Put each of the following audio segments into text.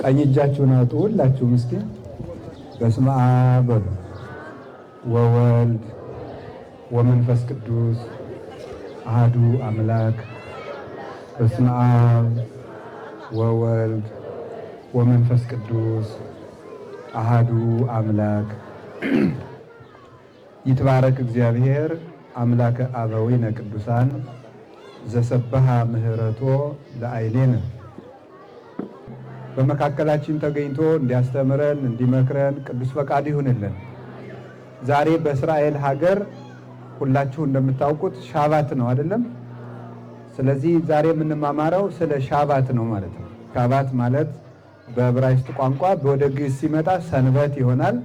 ቀኝ እጃችሁን አውጡ ሁላችሁም። እስኪ በስመ አብ በሉ ወወልድ ወመንፈስ ቅዱስ አህዱ አምላክ። በስመ አብ ወወልድ ወመንፈስ ቅዱስ አህዱ አምላክ። ይትባረክ እግዚአብሔር አምላከ አበዊነ ቅዱሳን ዘሰበሃ ምህረቶ ለአይሌነ በመካከላችን ተገኝቶ እንዲያስተምረን እንዲመክረን ቅዱስ ፈቃድ ይሁንልን። ዛሬ በእስራኤል ሀገር ሁላችሁ እንደምታውቁት ሻባት ነው አይደለም? ስለዚህ ዛሬ የምንማማረው ስለ ሻባት ነው ማለት ነው። ሻባት ማለት በዕብራይስጥ ቋንቋ ወደ ግዕዝ ሲመጣ ሰንበት ይሆናል።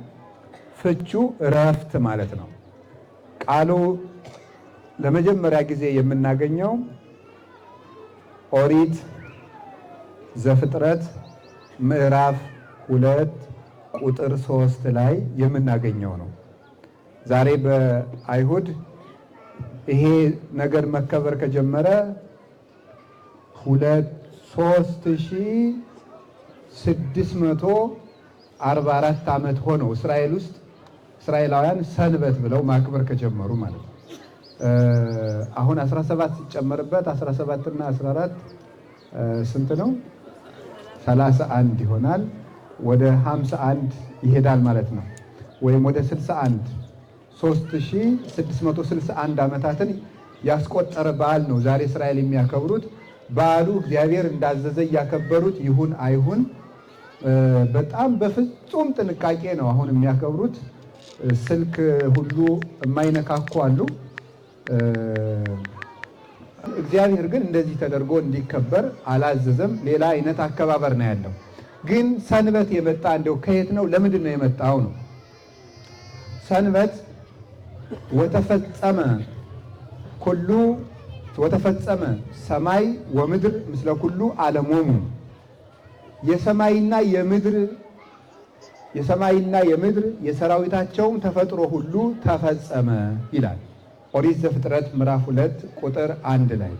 ፍቹ እረፍት ማለት ነው። ቃሉ ለመጀመሪያ ጊዜ የምናገኘው ኦሪት ዘፍጥረት ምዕራፍ ሁለት ቁጥር ሶስት ላይ የምናገኘው ነው። ዛሬ በአይሁድ ይሄ ነገር መከበር ከጀመረ ሁለት ሶስት ሺህ ስድስት መቶ አርባ አራት ዓመት ሆነው እስራኤል ውስጥ እስራኤላውያን ሰንበት ብለው ማክበር ከጀመሩ ማለት ነው። አሁን 17 ሲጨመርበት 17 እና 14 ስንት ነው? 31 ይሆናል። ወደ 51 ይሄዳል ማለት ነው። ወይም ወደ 61 3661 ዓመታትን ያስቆጠረ በዓል ነው ዛሬ እስራኤል የሚያከብሩት። በዓሉ እግዚአብሔር እንዳዘዘ እያከበሩት ይሁን አይሁን በጣም በፍጹም ጥንቃቄ ነው አሁን የሚያከብሩት። ስልክ ሁሉ የማይነካኩ አሉ። እግዚአብሔር ግን እንደዚህ ተደርጎ እንዲከበር አላዘዘም። ሌላ አይነት አከባበር ነው ያለው። ግን ሰንበት የመጣ እንደው ከየት ነው? ለምንድን ነው የመጣው ነው ሰንበት ወተፈጸመ ኩሉ ወተፈጸመ ሰማይ ወምድር ምስለ ኩሉ ዓለሞሙ የሰማይና የምድር የሰማይና የምድር የሰራዊታቸውም ተፈጥሮ ሁሉ ተፈጸመ ይላል። ኦሪት ዘፍጥረት ምዕራፍ ሁለት ቁጥር አንድ ላይ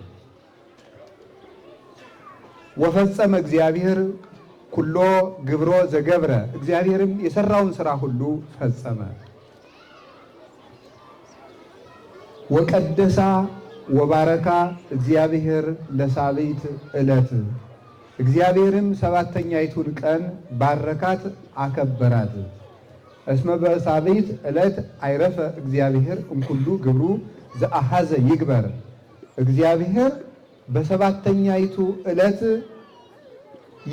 ወፈጸመ እግዚአብሔር ኩሎ ግብሮ ዘገብረ እግዚአብሔርም የሰራውን ስራ ሁሉ ፈጸመ። ወቀደሳ ወባረካ እግዚአብሔር ለሳቢት ዕለት እግዚአብሔርም ሰባተኛይቱን ቀን ባረካት አከበራት። እስመ በሳልይት ዕለት አይረፈ እግዚአብሔር እምኩሉ ግብሩ ዘአሐዘ ይግበር። እግዚአብሔር በሰባተኛይቱ ዕለት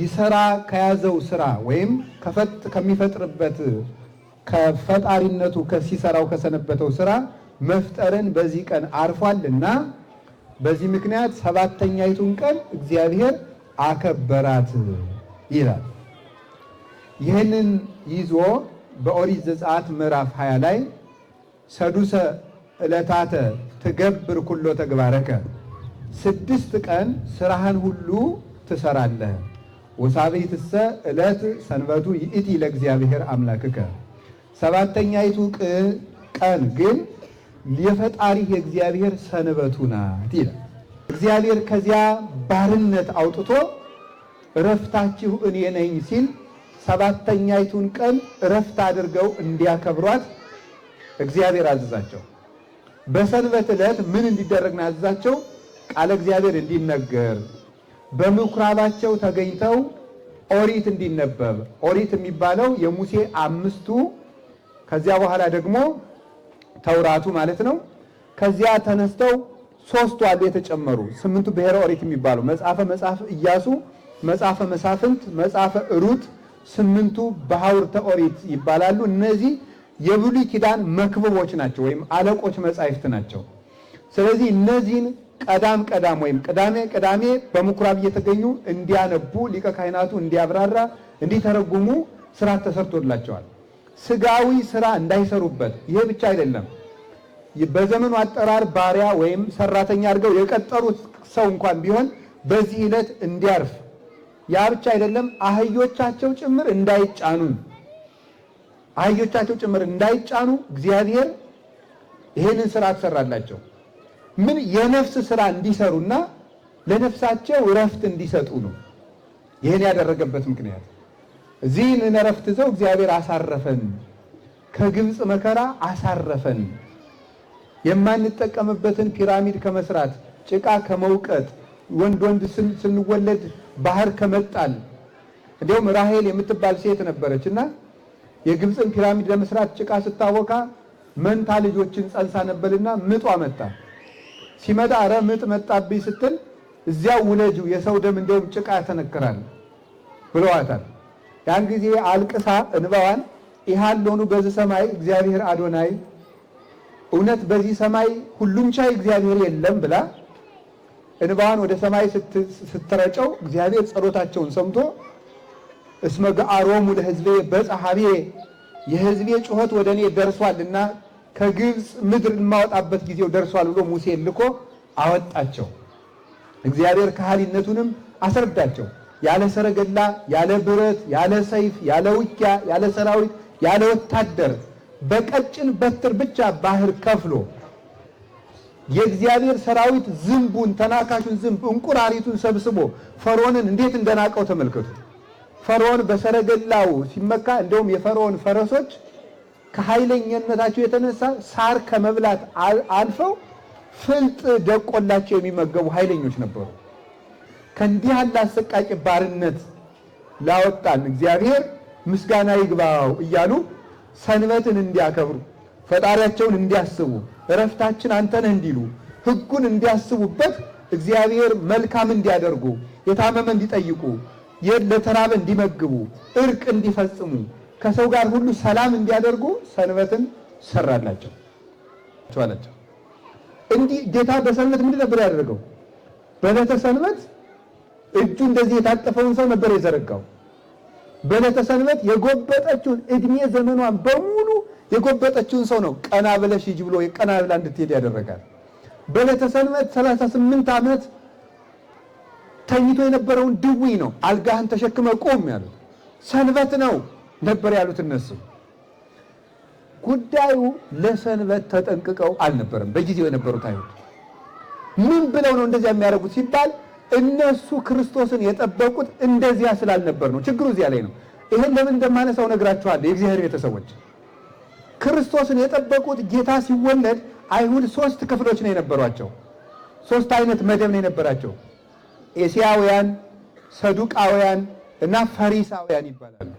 ይሰራ ከያዘው ስራ ወይም ከፈጥ ከሚፈጥርበት ከፈጣሪነቱ ከሲሰራው ከሰነበተው ስራ መፍጠርን በዚህ ቀን አርፏል በዚህ ምክንያት ሰባተኛይቱን ቀን እግዚአብሔር አከበራት ይላል። ይህንን ይዞ በኦሪት ዘጸአት ምዕራፍ 20 ላይ ሰዱሰ ዕለታተ ትገብር ኩሎ ተግባረከ ስድስት ቀን ስራህን ሁሉ ትሰራለህ። ወሳቤትሰ ዕለት ሰንበቱ ይእቲ ለእግዚአብሔር አምላክከ ሰባተኛይቱ ቀን ግን የፈጣሪ የእግዚአብሔር ሰንበቱ ናት ይላል። እግዚአብሔር ከዚያ ባርነት አውጥቶ እረፍታችሁ እኔ ነኝ ሲል ሰባተኛይቱን ቀን እረፍት አድርገው እንዲያከብሯት እግዚአብሔር አዘዛቸው። በሰንበት ዕለት ምን እንዲደረግ ነው ያዘዛቸው? ቃለ እግዚአብሔር እንዲነገር፣ በምኩራባቸው ተገኝተው ኦሪት እንዲነበብ። ኦሪት የሚባለው የሙሴ አምስቱ ከዚያ በኋላ ደግሞ ተውራቱ ማለት ነው። ከዚያ ተነስተው ሶስቱ አሉ የተጨመሩ ስምንቱ ብሔረ ኦሪት የሚባለው መጽሐፈ መጽሐፍ ኢያሱ፣ መጽሐፈ መሳፍንት፣ መጽሐፈ ሩት ስምንቱ በሐውርተ ኦሪት ይባላሉ። እነዚህ የብሉይ ኪዳን መክብቦች ናቸው ወይም አለቆች መጻሕፍት ናቸው። ስለዚህ እነዚህን ቀዳም ቀዳም ወይም ቅዳሜ ቅዳሜ በምኩራብ እየተገኙ እንዲያነቡ ሊቀ ካህናቱ እንዲያብራራ እንዲተረጉሙ ስራ ተሰርቶላቸዋል። ስጋዊ ስራ እንዳይሰሩበት። ይሄ ብቻ አይደለም። በዘመኑ አጠራር ባሪያ ወይም ሰራተኛ አድርገው የቀጠሩት ሰው እንኳን ቢሆን በዚህ ዕለት እንዲያርፍ ያ ብቻ አይደለም፣ አህዮቻቸው ጭምር እንዳይጫኑ አህዮቻቸው ጭምር እንዳይጫኑ እግዚአብሔር ይሄንን ስራ ትሰራላቸው። ምን የነፍስ ስራ እንዲሰሩና ለነፍሳቸው እረፍት እንዲሰጡ ነው። ይህን ያደረገበት ምክንያት እዚህን እረፍት ይዘው እግዚአብሔር አሳረፈን፣ ከግብፅ መከራ አሳረፈን። የማንጠቀምበትን ፒራሚድ ከመስራት ጭቃ ከመውቀጥ ወንድ ወንድ ስንወለድ ባህር ከመጣል እንዲሁም ራሄል የምትባል ሴት ነበረች እና የግብፅን ፒራሚድ ለመስራት ጭቃ ስታቦካ መንታ ልጆችን ጸንሳ ነበልና ምጧ መጣ። ሲመጣ ኧረ ምጥ መጣብኝ ስትል እዚያው ውለጁ የሰው ደም እንዲሁም ጭቃ ያተነክራል ብለዋታል። ያን ጊዜ አልቅሳ እንባዋን ይሃሎኑ በዚህ ሰማይ እግዚአብሔር አዶናይ፣ እውነት በዚህ ሰማይ ሁሉም ቻይ እግዚአብሔር የለም ብላ እንባዋን ወደ ሰማይ ስትረጨው እግዚአብሔር ጸሎታቸውን ሰምቶ እስመ ገአሮሙ ለሕዝቤ በጸሐቤ የሕዝቤ ጩኸት ወደ እኔ ደርሷልና ከግብፅ ምድር የማወጣበት ጊዜው ደርሷል ብሎ ሙሴ ልኮ አወጣቸው። እግዚአብሔር ካህሊነቱንም አስረዳቸው። ያለ ሰረገላ፣ ያለ ብረት፣ ያለ ሰይፍ፣ ያለ ውጊያ፣ ያለ ሰራዊት፣ ያለ ወታደር በቀጭን በትር ብቻ ባህር ከፍሎ የእግዚአብሔር ሰራዊት ዝንቡን ተናካሹን ዝንብ እንቁራሪቱን ሰብስቦ ፈርዖንን እንዴት እንደናቀው ተመልከቱ። ፈርዖን በሰረገላው ሲመካ እንደውም የፈርዖን ፈረሶች ከኃይለኛነታቸው የተነሳ ሳር ከመብላት አልፈው ፍልጥ ደቆላቸው የሚመገቡ ኃይለኞች ነበሩ። ከእንዲህ ያለ አሰቃቂ ባርነት ላወጣን እግዚአብሔር ምስጋና ይግባው እያሉ ሰንበትን እንዲያከብሩ ፈጣሪያቸውን እንዲያስቡ እረፍታችን አንተን እንዲሉ ህጉን እንዲያስቡበት እግዚአብሔር መልካም እንዲያደርጉ የታመመ እንዲጠይቁ ለተራበ እንዲመግቡ እርቅ እንዲፈጽሙ ከሰው ጋር ሁሉ ሰላም እንዲያደርጉ ሰንበትን ሰራላቸው ቸዋላቸው እንዲህ ጌታ በሰንበት ምንድን ነበር ያደረገው? በዕለተ ሰንበት እጁ እንደዚህ የታጠፈውን ሰው ነበር የዘረጋው። በዕለተ ሰንበት የጎበጠችውን እድሜ ዘመኗን በሙሉ የጎበጠችውን ሰው ነው ቀና ብለሽ ሂጂ ብሎ ቀና ብላ እንድትሄድ ያደረጋል። በዕለተ ሰንበት ሰላሳ ዓመት ተኝቶ የነበረውን ድዊ ነው አልጋህን ተሸክመ ቁም ያሉት። ሰንበት ነው ነበር ያሉት እነሱ። ጉዳዩ ለሰንበት ተጠንቅቀው አልነበረም በጊዜው የነበሩት አይሁድ። ምን ብለው ነው እንደዚያ የሚያደርጉት ሲባል እነሱ ክርስቶስን የጠበቁት እንደዚያ ስላልነበር ነው። ችግሩ እዚያ ላይ ነው። ይህን ለምን እንደማነሳው ነግራችኋለሁ የእግዚአብሔር ቤተሰቦች ክርስቶስን የጠበቁት ጌታ ሲወለድ አይሁድ ሶስት ክፍሎች ነው የነበሯቸው። ሶስት አይነት መደብ ነው የነበራቸው። ኤስያውያን፣ ሰዱቃውያን እና ፈሪሳውያን ይባላሉ።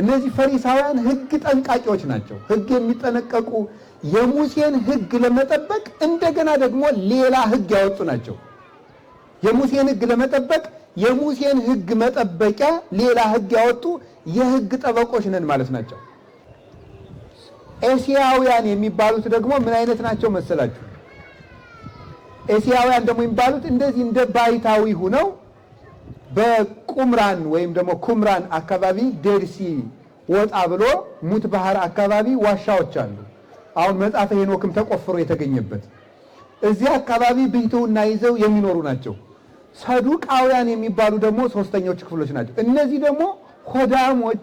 እነዚህ ፈሪሳውያን ሕግ ጠንቃቂዎች ናቸው። ሕግ የሚጠነቀቁ የሙሴን ሕግ ለመጠበቅ እንደገና ደግሞ ሌላ ሕግ ያወጡ ናቸው። የሙሴን ሕግ ለመጠበቅ የሙሴን ሕግ መጠበቂያ ሌላ ሕግ ያወጡ የሕግ ጠበቆች ነን ማለት ናቸው። ኤሲያውያን የሚባሉት ደግሞ ምን አይነት ናቸው መሰላችሁ? ኤሲያውያን ደግሞ የሚባሉት እንደዚህ እንደ ባይታዊ ሁነው በቁምራን ወይም ደግሞ ኩምራን አካባቢ ደርሲ ወጣ ብሎ ሙት ባህር አካባቢ ዋሻዎች አሉ። አሁን መጽሐፈ ሄኖክም ተቆፍሮ የተገኘበት እዚህ አካባቢ ብሕትውና ይዘው የሚኖሩ ናቸው። ሰዱቃውያን የሚባሉ ደግሞ ሶስተኞች ክፍሎች ናቸው። እነዚህ ደግሞ ሆዳሞች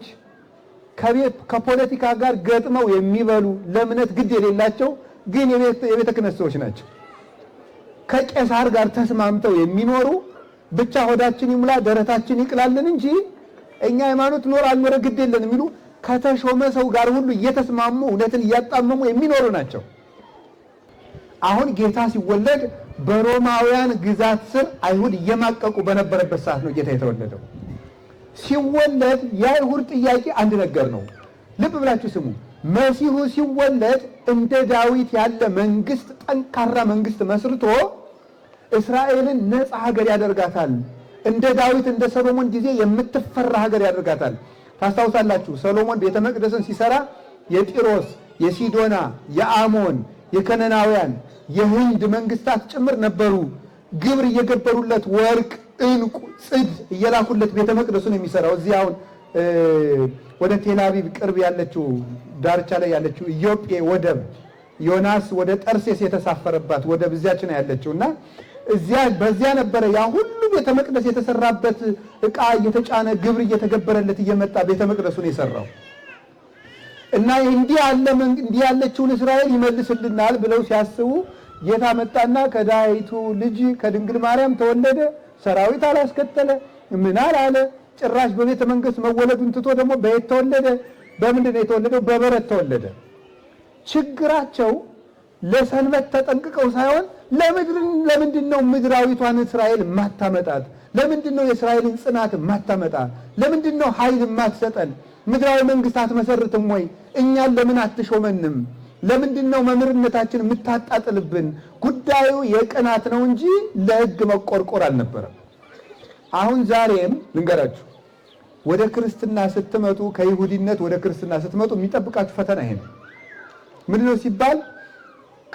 ከቤት ከፖለቲካ ጋር ገጥመው የሚበሉ ለእምነት ግድ የሌላቸው ግን የቤተ ክህነት ሰዎች ናቸው። ከቄሳር ጋር ተስማምተው የሚኖሩ ብቻ ሆዳችን ይሙላ ደረታችን ይቅላልን እንጂ እኛ ሃይማኖት ኖር አልኖረ ግድ የለን የሚሉ ከተሾመ ሰው ጋር ሁሉ እየተስማሙ እውነትን እያጣመሙ የሚኖሩ ናቸው። አሁን ጌታ ሲወለድ በሮማውያን ግዛት ስር አይሁድ እየማቀቁ በነበረበት ሰዓት ነው ጌታ የተወለደው። ሲወለድ የአይሁድ ጥያቄ አንድ ነገር ነው። ልብ ብላችሁ ስሙ። መሲሁ ሲወለድ እንደ ዳዊት ያለ መንግስት፣ ጠንካራ መንግስት መስርቶ እስራኤልን ነፃ ሀገር ያደርጋታል። እንደ ዳዊት እንደ ሰሎሞን ጊዜ የምትፈራ ሀገር ያደርጋታል። ታስታውሳላችሁ፣ ሰሎሞን ቤተ መቅደስን ሲሰራ የጢሮስ፣ የሲዶና፣ የአሞን፣ የከነናውያን፣ የህንድ መንግስታት ጭምር ነበሩ ግብር እየገበሩለት ወርቅ እንቁ ጽድ እየላኩለት ቤተ መቅደሱን የሚሰራው እዚህ አሁን ወደ ቴልአቪቭ ቅርብ ያለችው ዳርቻ ላይ ያለችው ኢዮጴ ወደብ ዮናስ ወደ ጠርሴስ የተሳፈረባት ወደብ እዚያች ነው ያለችው እና እዚያ በዚያ ነበረ ያ ሁሉ ቤተ መቅደስ የተሰራበት እቃ እየተጫነ ግብር እየተገበረለት እየመጣ ቤተ መቅደሱን የሰራው እና እንዲህ ያለ እንዲህ ያለችውን እስራኤል ይመልስልናል ብለው ሲያስቡ ጌታ መጣና ከዳይቱ ልጅ ከድንግል ማርያም ተወለደ። ሰራዊት አላስከተለ ምን አላለ። ጭራሽ በቤተ መንግስት መወለዱን ትቶ ደግሞ በየት ተወለደ? በምንድን ነው የተወለደው? በበረት ተወለደ። ችግራቸው ለሰንበት ተጠንቅቀው ሳይሆን ለምንድን ነው ምድራዊቷን እስራኤል ማታመጣት? ለምንድን ነው የእስራኤልን ጽናት ማታመጣ? ለምንድን ነው ኃይል ማትሰጠን? ምድራዊ መንግስት አትመሰርትም ወይ? እኛን ለምን አትሾመንም? ለምንድን ነው መምህርነታችን የምታጣጥልብን? ጉዳዩ የቅናት ነው እንጂ ለህግ መቆርቆር አልነበረም። አሁን ዛሬም ልንገራችሁ፣ ወደ ክርስትና ስትመጡ፣ ከይሁዲነት ወደ ክርስትና ስትመጡ የሚጠብቃችሁ ፈተና ይሄ ነው። ምንድን ሲባል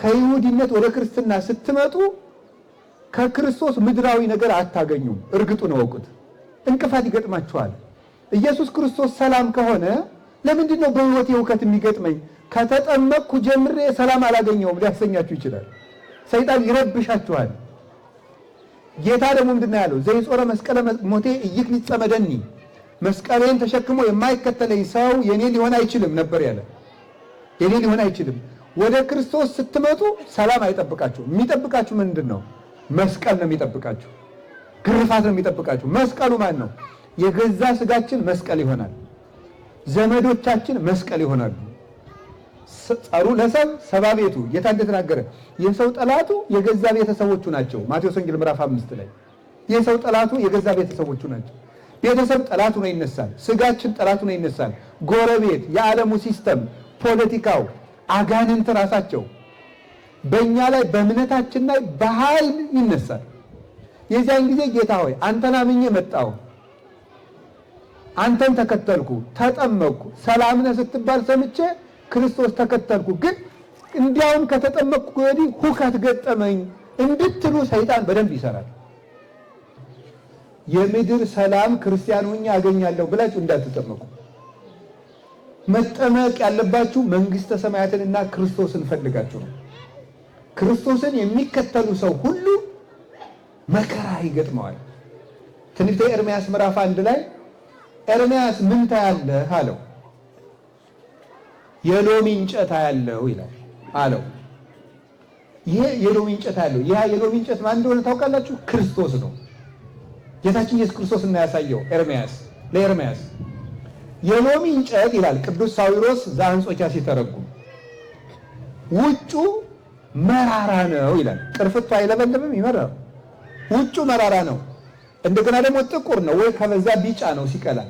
ከይሁዲነት ወደ ክርስትና ስትመጡ ከክርስቶስ ምድራዊ ነገር አታገኙም። እርግጡን እወቁት። እንቅፋት ይገጥማችኋል። ኢየሱስ ክርስቶስ ሰላም ከሆነ ለምንድን ነው በህይወቴ እውከት የሚገጥመኝ? ከተጠመቅኩ ጀምሬ ሰላም አላገኘውም ሊያሰኛችሁ ይችላል። ሰይጣን ይረብሻችኋል። ጌታ ደግሞ ምንድና ያለው? ዘይጾረ መስቀለ ሞቴ ኢይክሊጸ ሊጸመደኒ መስቀሌን ተሸክሞ የማይከተለኝ ሰው የኔ ሊሆን አይችልም ነበር ያለ። የኔ ሊሆን አይችልም። ወደ ክርስቶስ ስትመጡ ሰላም አይጠብቃችሁ። የሚጠብቃችሁ ምንድን ነው? መስቀል ነው የሚጠብቃችሁ። ግርፋት ነው የሚጠብቃችሁ። መስቀሉ ማን ነው? የገዛ ስጋችን መስቀል ይሆናል። ዘመዶቻችን መስቀል ይሆናሉ። ጸሩ ለሰብ ሰባ ቤቱ ጌታ እንደተናገረ የሰው ጠላቱ የገዛ ቤተሰቦቹ ናቸው። ማቴዎስ ወንጌል ምዕራፍ አምስት ላይ የሰው ጠላቱ የገዛ ቤተሰቦቹ ናቸው። ቤተሰብ ጠላቱ ነው ይነሳል። ስጋችን ጠላቱ ነው ይነሳል። ጎረቤት፣ የዓለሙ ሲስተም፣ ፖለቲካው፣ አጋንንት ራሳቸው በእኛ ላይ በእምነታችን ላይ በኃይል ይነሳል። የዚያን ጊዜ ጌታ ሆይ አንተን አምኜ መጣሁ፣ አንተን ተከተልኩ፣ ተጠመቅኩ፣ ሰላም ነህ ስትባል ሰምቼ ክርስቶስ ተከተልኩ፣ ግን እንዲያውም ከተጠመቅኩ ወዲህ ሁከት ገጠመኝ እንድትሉ ሰይጣን በደንብ ይሰራል። የምድር ሰላም ክርስቲያን ሆኜ አገኛለሁ ብላችሁ እንዳትጠመቁ። መጠመቅ ያለባችሁ መንግስተ ሰማያትንና ክርስቶስን ፈልጋችሁ ነው። ክርስቶስን የሚከተሉ ሰው ሁሉ መከራ ይገጥመዋል። ትንቢተ ኤርምያስ ምዕራፍ አንድ ላይ ኤርምያስ ምን ታያለህ አለው የሎሚ እንጨት አያለው ይላል አለው። ይሄ የሎሚ እንጨት አያለው። ያ የሎሚ እንጨት ማን እንደሆነ ታውቃላችሁ? ክርስቶስ ነው። ጌታችን ኢየሱስ ክርስቶስ እና ያሳየው ኤርሚያስ ለኤርሚያስ የሎሚ እንጨት ይላል ቅዱስ ሳዊሮስ ዘአንጾኪያ ሲተረጉም ውጩ መራራ ነው ይላል። ቅርፍቱ አይለበልብም፣ ይመራል። ውጩ መራራ ነው። እንደገና ደግሞ ጥቁር ነው ወይ ከበዛ ቢጫ ነው ሲቀላል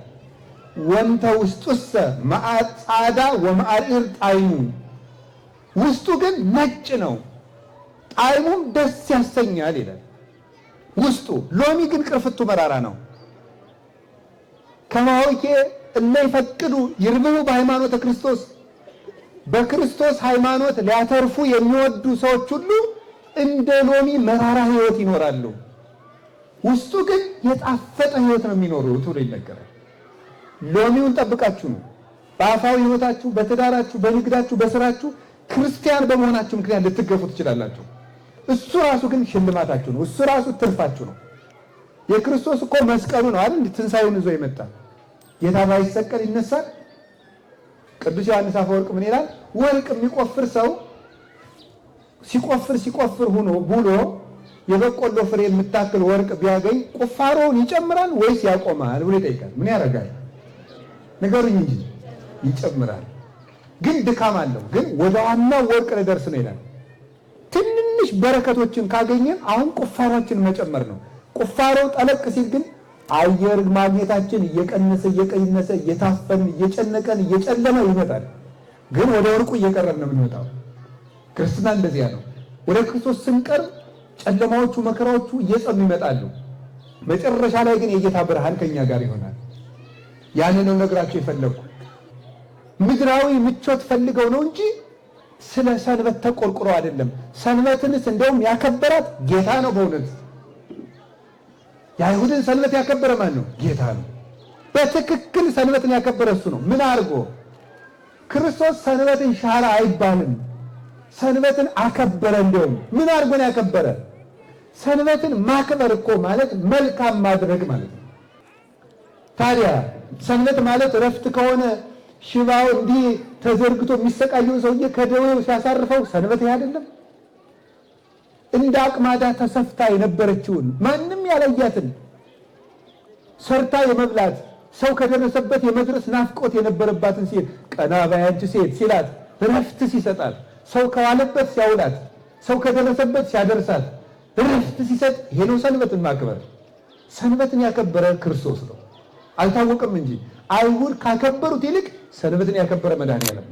ወንተ ውስጡሰ ጻዳ ወማዕሪር ጣዕሙ ውስጡ ግን ነጭ ነው፣ ጣዕሙም ደስ ያሰኛል ይላል። ውስጡ ሎሚ ግን ቅርፍቱ መራራ ነው። ከማሆኬ እለ ይፈቅዱ ይርብቡ በሃይማኖተ ክርስቶስ በክርስቶስ ሃይማኖት ሊያተርፉ የሚወዱ ሰዎች ሁሉ እንደ ሎሚ መራራ ህይወት ይኖራሉ። ውስጡ ግን የጣፈጠ ህይወት ነው የሚኖሩ ተብሎ ይነገራል። ሎሚውን ጠብቃችሁ ነው። በአፋዊ ህይወታችሁ በትዳራችሁ፣ በንግዳችሁ፣ በስራችሁ ክርስቲያን በመሆናችሁ ምክንያት ልትገፉ ትችላላችሁ። እሱ ራሱ ግን ሽልማታችሁ ነው። እሱ ራሱ ትርፋችሁ ነው። የክርስቶስ እኮ መስቀሉ ነው አይደል? ትንሳኤውን ይዞ የመጣ ጌታ ባይሰቀል ይነሳል። ቅዱስ ዮሐንስ አፈወርቅ ምን ይላል? ወርቅ የሚቆፍር ሰው ሲቆፍር ሲቆፍር ሆኖ ብሎ የበቆሎ ፍሬ የምታክል ወርቅ ቢያገኝ ቁፋሮውን ይጨምራል ወይስ ያቆማል ብሎ ይጠይቃል። ምን ያደርጋል? ንገሩኝ እንጂ ይጨምራል። ግን ድካም አለው። ግን ወደ ዋና ወርቅ ልደርስ ነው ይላል። ትንንሽ በረከቶችን ካገኘን አሁን ቁፋሮችን መጨመር ነው። ቁፋሮው ጠለቅ ሲል ግን አየር ማግኘታችን እየቀነሰ እየቀነሰ እየታፈን እየጨነቀን እየጨለመ ይመጣል። ግን ወደ ወርቁ እየቀረብ ነው የምንመጣው። ክርስትና እንደዚያ ነው። ወደ ክርስቶስ ስንቀርብ ጨለማዎቹ መከራዎቹ እየጸኑ ይመጣሉ። መጨረሻ ላይ ግን የጌታ ብርሃን ከኛ ጋር ይሆናል። ያንን ነው ነግራቸው የፈለጉ ምድራዊ ምቾት ፈልገው ነው እንጂ ስለ ሰንበት ተቆርቁሮ አይደለም። ሰንበትንስ እንደውም ያከበራት ጌታ ነው። በእውነት የአይሁድን ሰንበት ያከበረ ማን ነው? ጌታ ነው። በትክክል ሰንበትን ያከበረ እሱ ነው። ምን አድርጎ? ክርስቶስ ሰንበትን ሻረ አይባልም። ሰንበትን አከበረ። እንደውም ምን አድርጎን ያከበረ? ሰንበትን ማክበር እኮ ማለት መልካም ማድረግ ማለት ነው። ታዲያ ሰንበት ማለት እረፍት ከሆነ ሽባው እንዲህ ተዘርግቶ የሚሰቃየው ሰውዬ ከደዌው ሲያሳርፈው ሰንበት ይህ አይደለም? እንደ አቅማዳ ተሰፍታ የነበረችውን ማንም ያላያትን ሰርታ የመብላት ሰው ከደረሰበት የመድረስ ናፍቆት የነበረባትን ሲል ቀና ባያንች ሴት ሲላት እረፍት ሲሰጣት ሰው ከዋለበት ሲያውላት ሰው ከደረሰበት ሲያደርሳት ረፍት ሲሰጥ ይሄ ነው ሰንበትን ማክበር። ሰንበትን ያከበረ ክርስቶስ ነው። አልታወቀም እንጂ አይሁድ ካከበሩት ይልቅ ሰንበትን ያከበረ መድኃኔዓለም